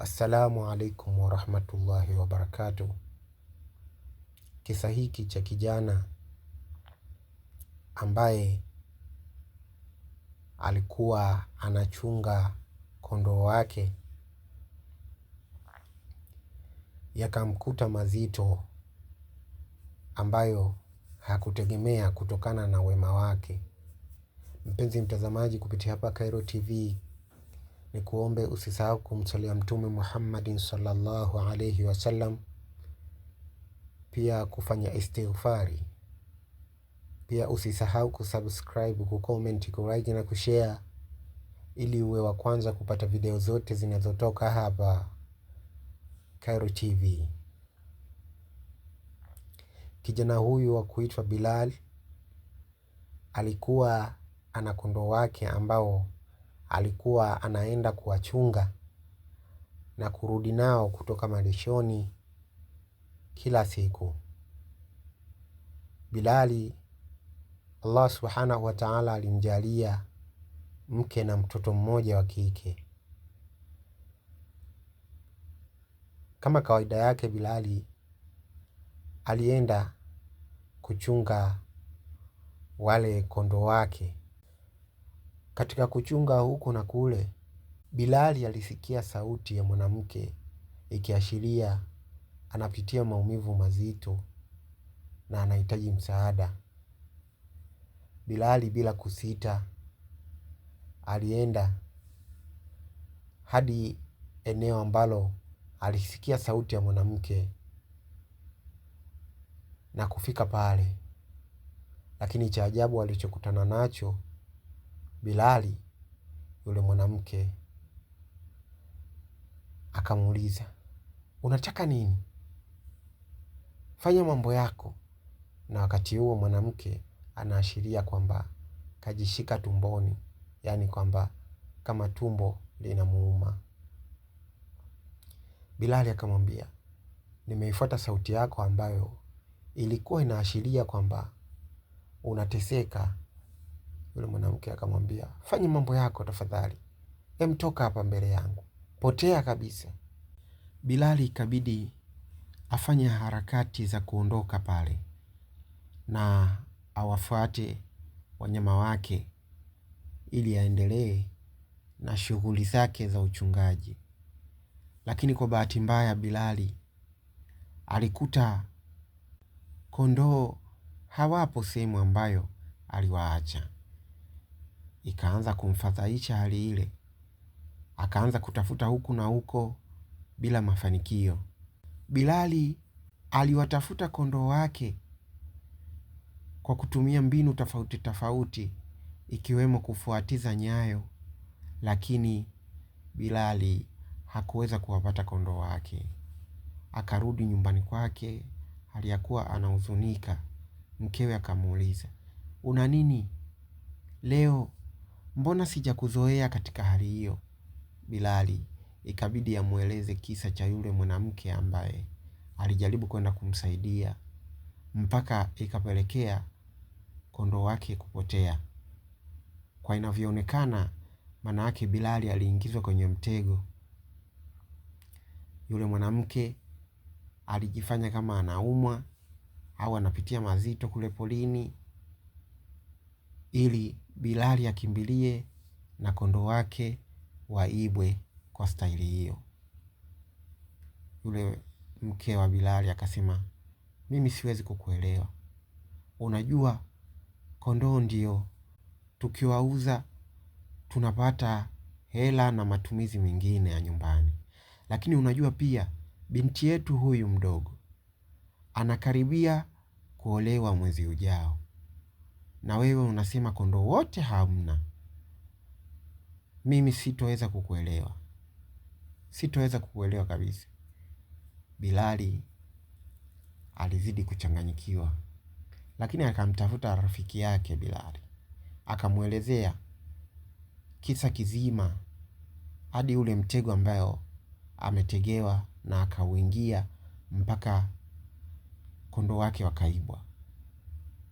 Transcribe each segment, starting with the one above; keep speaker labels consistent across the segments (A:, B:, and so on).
A: Assalamu alaikum warahmatullahi wabarakatuh. Kisa hiki cha kijana ambaye alikuwa anachunga kondoo wake yakamkuta mazito ambayo hakutegemea kutokana na wema wake. Mpenzi mtazamaji, kupitia hapa Khairo TV ni kuombe usisahau kumsalia Mtume Muhammadin sallallahu alayhi wasallam, pia kufanya istighfari. Pia usisahau kusubscribe, kucomment, kulike na kushare ili uwe wa kwanza kupata video zote zinazotoka hapa Khairo TV. Kijana huyu wa kuitwa Bilal alikuwa ana kondoo wake ambao alikuwa anaenda kuwachunga na kurudi nao kutoka malishoni kila siku. Bilali Allah subhanahu wa ta'ala alimjalia mke na mtoto mmoja wa kike. Kama kawaida yake, Bilali alienda kuchunga wale kondoo wake katika kuchunga huku na kule, Bilali alisikia sauti ya mwanamke ikiashiria anapitia maumivu mazito na anahitaji msaada. Bilali bila kusita alienda hadi eneo ambalo alisikia sauti ya mwanamke na kufika pale, lakini cha ajabu alichokutana nacho Bilali yule mwanamke akamuuliza, unataka nini? Fanya mambo yako. Na wakati huo mwanamke anaashiria kwamba kajishika tumboni, yaani kwamba kama tumbo linamuuma. Bilali akamwambia, nimeifuata sauti yako ambayo ilikuwa inaashiria kwamba unateseka yule mwanamke akamwambia, fanye mambo yako tafadhali, emtoka hapa mbele yangu, potea kabisa. Bilali ikabidi afanye harakati za kuondoka pale na awafuate wanyama wake ili aendelee na shughuli zake za uchungaji. Lakini kwa bahati mbaya, Bilali alikuta kondoo hawapo sehemu ambayo aliwaacha ikaanza kumfadhaisha hali ile. Akaanza kutafuta huku na huko bila mafanikio. Bilali aliwatafuta kondoo wake kwa kutumia mbinu tofauti tofauti ikiwemo kufuatiza nyayo, lakini Bilali hakuweza kuwapata kondoo wake. Akarudi nyumbani kwake hali ya kuwa anahuzunika. Mkewe akamuuliza, una nini leo? mbona sijakuzoea katika hali hiyo? Bilali, ikabidi amweleze kisa cha yule mwanamke ambaye alijaribu kwenda kumsaidia mpaka ikapelekea kondoo wake kupotea. Kwa inavyoonekana, maana yake Bilali aliingizwa kwenye mtego. Yule mwanamke alijifanya kama anaumwa au anapitia mazito kule polini ili Bilali akimbilie na kondoo wake waibwe kwa staili hiyo. Yule mke wa Bilali akasema, mimi siwezi kukuelewa. Unajua kondoo ndio tukiwauza tunapata hela na matumizi mengine ya nyumbani, lakini unajua pia binti yetu huyu mdogo anakaribia kuolewa mwezi ujao na wewe unasema kondoo wote hamna, mimi sitoweza kukuelewa, sitoweza kukuelewa kabisa. Bilali alizidi kuchanganyikiwa, lakini akamtafuta rafiki yake Bilali akamwelezea kisa kizima hadi ule mtego ambayo ametegewa na akauingia mpaka kondoo wake wakaibwa.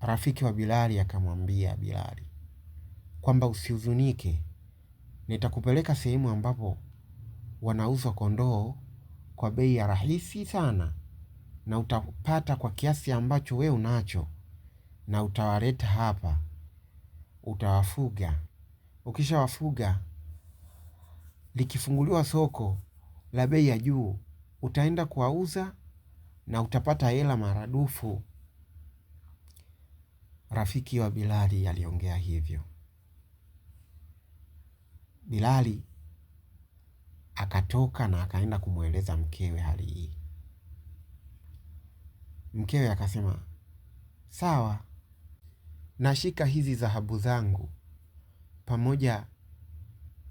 A: Rafiki wa Bilali akamwambia Bilali kwamba usihuzunike, nitakupeleka sehemu ambapo wanauza kondoo kwa bei ya rahisi sana, na utapata kwa kiasi ambacho we unacho, na utawaleta hapa, utawafuga. Ukishawafuga, likifunguliwa soko la bei ya juu, utaenda kuwauza na utapata hela maradufu. Rafiki wa Bilali aliongea hivyo. Bilali akatoka na akaenda kumweleza mkewe hali hii. Mkewe akasema, sawa, nashika hizi dhahabu zangu pamoja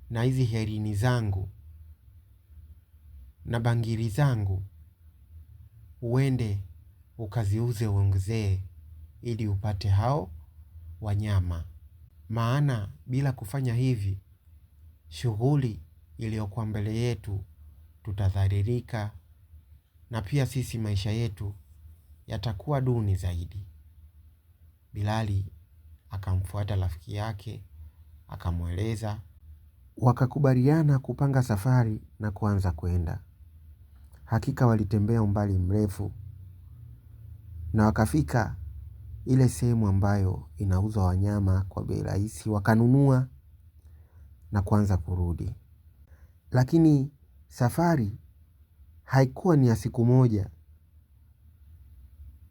A: na hizi herini zangu na bangili zangu, uende ukaziuze uongezee ili upate hao wanyama. Maana bila kufanya hivi, shughuli iliyokuwa mbele yetu tutadharirika na pia sisi maisha yetu yatakuwa duni zaidi. Bilali akamfuata rafiki yake akamweleza, wakakubaliana kupanga safari na kuanza kwenda. Hakika walitembea umbali mrefu na wakafika ile sehemu ambayo inauza wanyama kwa bei rahisi wakanunua na kuanza kurudi. Lakini safari haikuwa ni ya siku moja.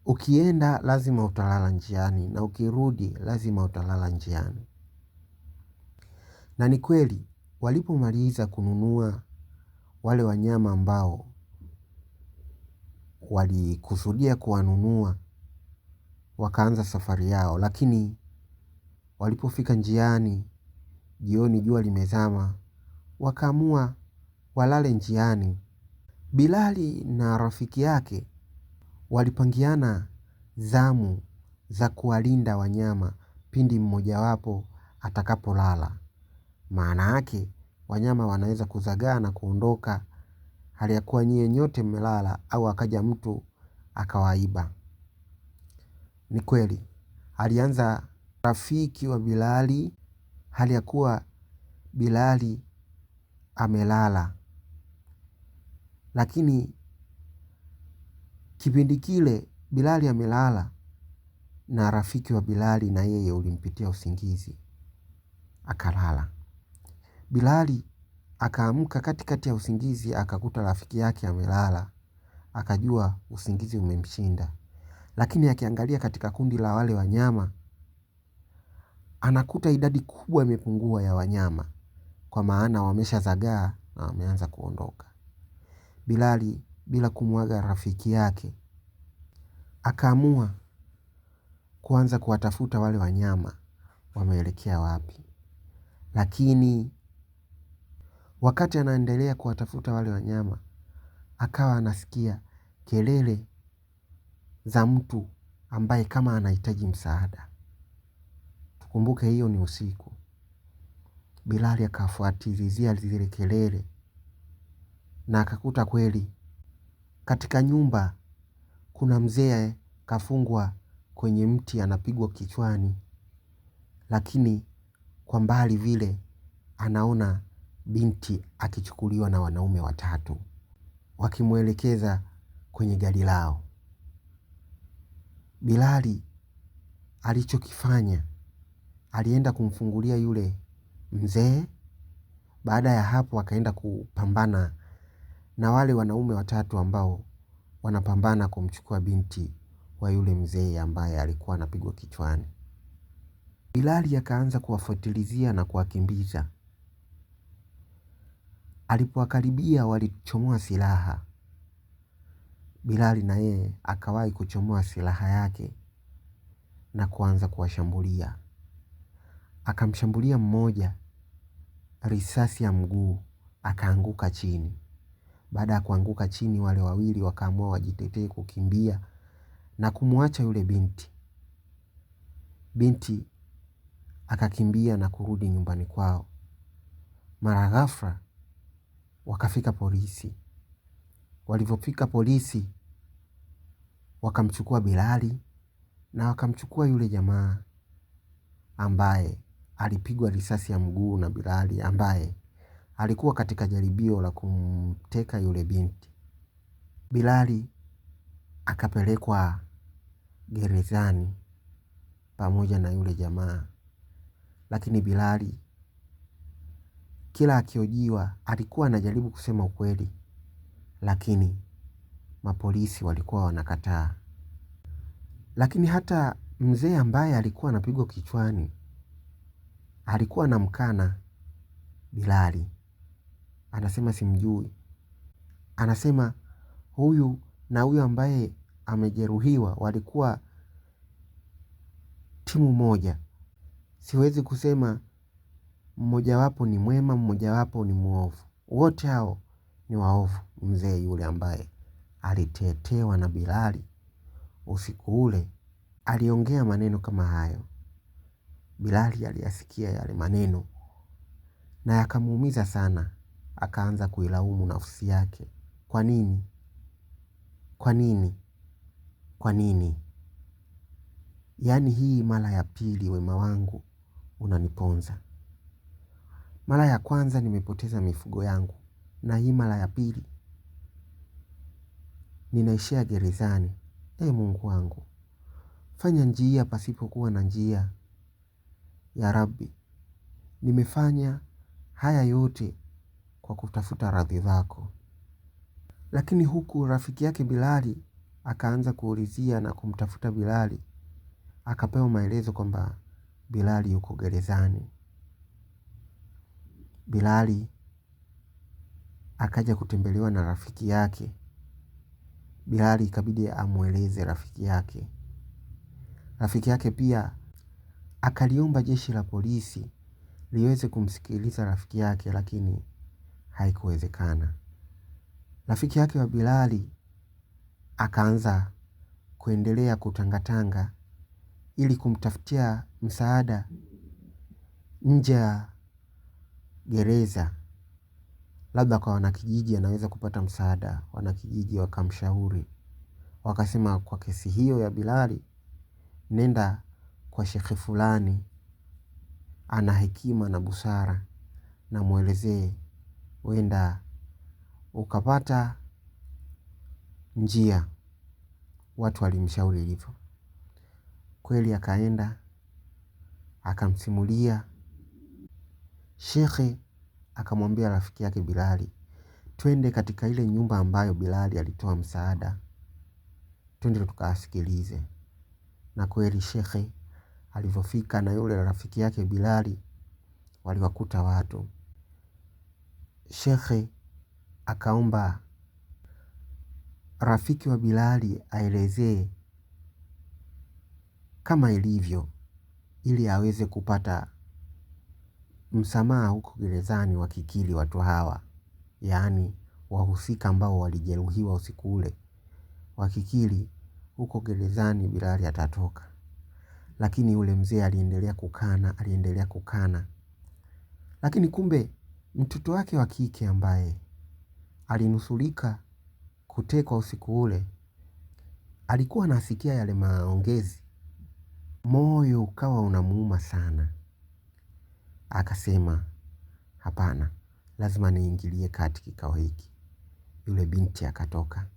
A: Ukienda lazima utalala njiani na ukirudi lazima utalala njiani. Na ni kweli walipomaliza kununua wale wanyama ambao walikusudia kuwanunua wakaanza safari yao lakini walipofika njiani jioni jua limezama wakaamua walale njiani. Bilali na rafiki yake walipangiana zamu za kuwalinda wanyama pindi mmojawapo atakapolala. Maana yake wanyama wanaweza kuzagaa na kuondoka hali ya kuwa nyie nyote mmelala au akaja mtu akawaiba. Ni kweli alianza rafiki wa Bilali hali ya kuwa Bilali amelala. Lakini kipindi kile Bilali amelala na rafiki wa Bilali na yeye ulimpitia usingizi akalala. Bilali akaamka katikati ya usingizi akakuta rafiki yake amelala. Akajua usingizi umemshinda. Lakini akiangalia katika kundi la wale wanyama, anakuta idadi kubwa imepungua ya wanyama kwa maana wameshazagaa na wameanza kuondoka. Bilali bila kumwaga rafiki yake akaamua kuanza kuwatafuta wale wanyama wameelekea wapi. Lakini wakati anaendelea kuwatafuta wale wanyama, akawa anasikia kelele za mtu ambaye kama anahitaji msaada. Tukumbuke hiyo ni usiku. Bilali akafuatilizia zile kelele na akakuta kweli katika nyumba kuna mzee kafungwa kwenye mti anapigwa kichwani, lakini kwa mbali vile anaona binti akichukuliwa na wanaume watatu wakimwelekeza kwenye gari lao. Bilali alichokifanya alienda kumfungulia yule mzee. Baada ya hapo akaenda kupambana na wale wanaume watatu ambao wanapambana kumchukua binti wa yule mzee ambaye alikuwa anapigwa kichwani. Bilali akaanza kuwafuatilizia na kuwakimbiza. Alipowakaribia walichomoa silaha. Bilali na yeye akawahi kuchomoa silaha yake na kuanza kuwashambulia. Akamshambulia mmoja risasi ya mguu akaanguka chini. Baada ya kuanguka chini wale wawili wakaamua wajitetee kukimbia na kumwacha yule binti. Binti akakimbia na kurudi nyumbani kwao. Mara ghafla wakafika polisi. Walivyofika polisi wakamchukua Bilali na wakamchukua yule jamaa ambaye alipigwa risasi ya mguu na Bilali ambaye alikuwa katika jaribio la kumteka yule binti. Bilali akapelekwa gerezani pamoja na yule jamaa, lakini Bilali kila akiojiwa alikuwa anajaribu kusema ukweli, lakini mapolisi walikuwa wanakataa. Lakini hata mzee ambaye alikuwa anapigwa kichwani alikuwa anamkana Bilali, anasema simjui, anasema huyu na huyu ambaye amejeruhiwa walikuwa timu moja, siwezi kusema mmojawapo ni mwema, mmojawapo ni mwovu, wote hao ni waovu. Mzee yule ambaye alitetewa na Bilali usiku ule aliongea maneno kama hayo. Bilali aliyasikia yale maneno na yakamuumiza sana, akaanza kuilaumu nafsi yake, kwa nini, kwa nini, kwa nini? Yaani hii mara ya pili wema wangu unaniponza. Mara ya kwanza nimepoteza mifugo yangu, na hii mara ya pili ninaishia gerezani. Ee mungu wangu, fanya njia pasipokuwa na njia ya rabbi. Nimefanya haya yote kwa kutafuta radhi zako. Lakini huku rafiki yake Bilali akaanza kuulizia na kumtafuta Bilali, akapewa maelezo kwamba Bilali yuko gerezani. Bilali akaja kutembelewa na rafiki yake Bilali ikabidi amweleze rafiki yake. Rafiki yake pia akaliomba jeshi la polisi liweze kumsikiliza rafiki yake lakini haikuwezekana. Rafiki yake wa Bilali akaanza kuendelea kutangatanga ili kumtafutia msaada nje ya gereza labda kwa wanakijiji anaweza kupata msaada, wanakijiji wakamshauri. Wakasema kwa kesi hiyo ya Bilali, nenda kwa shekhe fulani, ana hekima na busara, na mwelezee, wenda ukapata njia. Watu walimshauri hivyo, kweli akaenda akamsimulia shekhe akamwambia rafiki yake Bilali, twende katika ile nyumba ambayo Bilali alitoa msaada, twende tukaasikilize. Na kweli shekhe alivyofika na yule rafiki yake Bilali waliwakuta watu. Shekhe akaomba rafiki wa Bilali aelezee kama ilivyo ili aweze kupata msamaha huko gerezani wakikili watu hawa. Yaani wahusika ambao walijeruhiwa usiku ule. Wakikiri huko gerezani Bilali atatoka. Lakini yule mzee aliendelea kukana, aliendelea kukana. Lakini kumbe mtoto wake wa kike ambaye alinusurika kutekwa usiku ule alikuwa anasikia yale maongezi. Moyo ukawa unamuuma sana. Akasema hapana, lazima niingilie kati kikao hiki. Yule binti akatoka.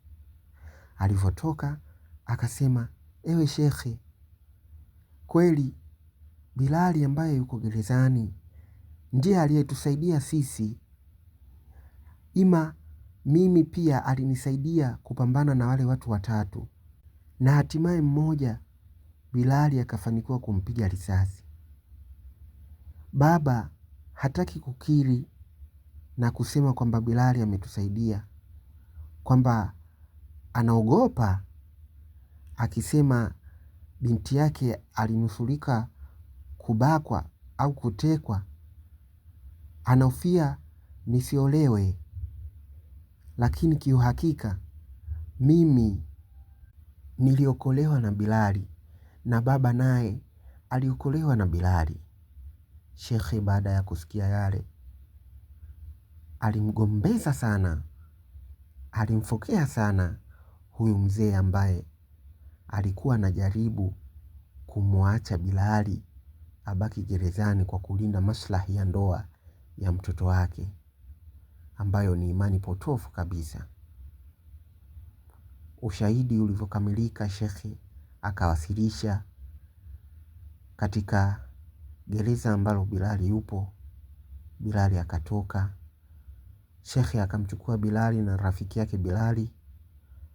A: Alivyotoka, akasema ewe shekhe, kweli Bilali ambaye yuko gerezani ndiye aliyetusaidia sisi, ima mimi pia alinisaidia kupambana na wale watu watatu, na hatimaye mmoja Bilali akafanikiwa kumpiga risasi. Baba hataki kukiri na kusema kwamba Bilali ametusaidia, kwamba anaogopa akisema binti yake alinusurika kubakwa au kutekwa, anahofia nisiolewe. Lakini kiuhakika mimi niliokolewa na Bilali na baba naye aliokolewa na Bilali. Shekhe baada ya kusikia yale alimgombeza sana, alimfokea sana huyu mzee ambaye alikuwa anajaribu kumwacha Bilali abaki gerezani kwa kulinda maslahi ya ndoa ya mtoto wake, ambayo ni imani potofu kabisa. Ushahidi ulivyokamilika, shekhe akawasilisha katika Gereza ambalo Bilali yupo, Bilali akatoka. Shekhe akamchukua Bilali na rafiki yake Bilali,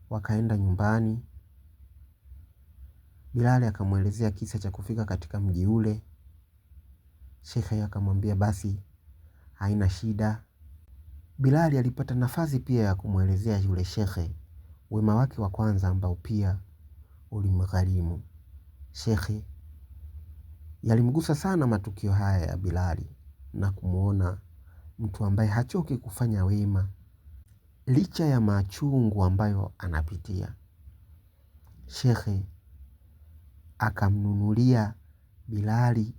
A: wakaenda nyumbani. Bilali akamwelezea kisa cha kufika katika mji ule. Shekhe akamwambia basi haina shida. Bilali alipata nafasi pia ya kumwelezea yule shekhe wema wake wa kwanza ambao pia ulimgharimu. Shekhe Yalimgusa sana matukio haya ya Bilali na kumwona mtu ambaye hachoki kufanya wema. Licha ya machungu ambayo anapitia. Shekhe akamnunulia Bilali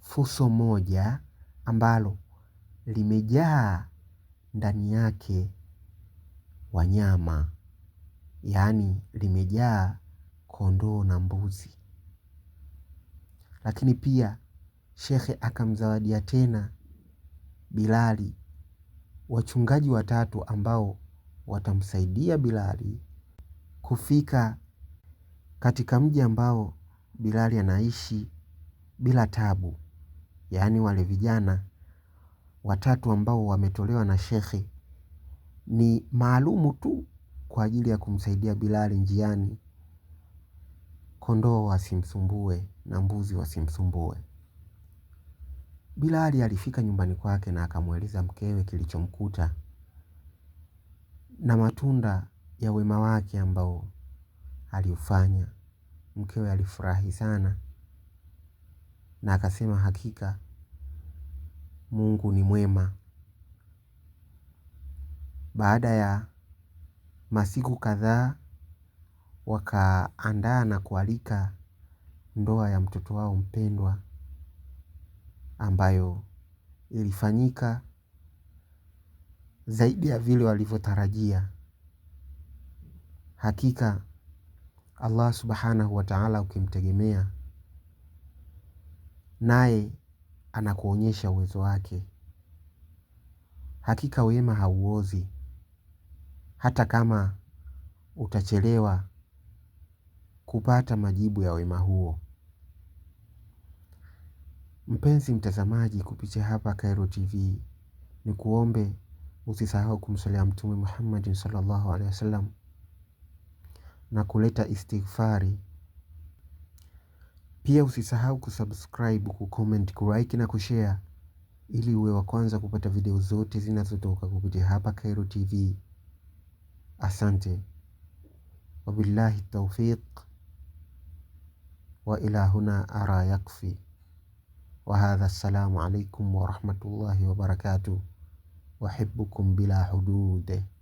A: fuso moja ambalo limejaa ndani yake wanyama. Yaani limejaa kondoo na mbuzi. Lakini pia shekhe akamzawadia tena Bilali wachungaji watatu ambao watamsaidia Bilali kufika katika mji ambao Bilali anaishi bila tabu. Yaani wale vijana watatu ambao wametolewa na shekhe ni maalumu tu kwa ajili ya kumsaidia Bilali njiani, kondoo wasimsumbue na mbuzi wasimsumbue. Bilali alifika nyumbani kwake na akamweleza mkewe kilichomkuta na matunda ya wema wake ambao aliufanya. Mkewe alifurahi sana na akasema hakika Mungu ni mwema. Baada ya masiku kadhaa wakaandaa na kualika ndoa ya mtoto wao mpendwa ambayo ilifanyika zaidi ya vile walivyotarajia. Hakika Allah subhanahu wa ta'ala ukimtegemea naye anakuonyesha uwezo wake. Hakika wema hauozi, hata kama utachelewa kupata majibu ya wema huo. Mpenzi mtazamaji kupitia hapa kairo TV ni kuombe usisahau kumsalia Mtume Muhammad sallallahu alaihi wasallam na kuleta istighfari. Pia usisahau kusubscribe, kucomment, kulike na kushare ili uwe wa kwanza kupata video zote zinazotoka kupitia hapa kairo TV. Asante. Wabillahi taufiq wa ila huna ara yakfi. وهذا السلام عليكم ورحمة الله وبركاته أحبكم بلا حدود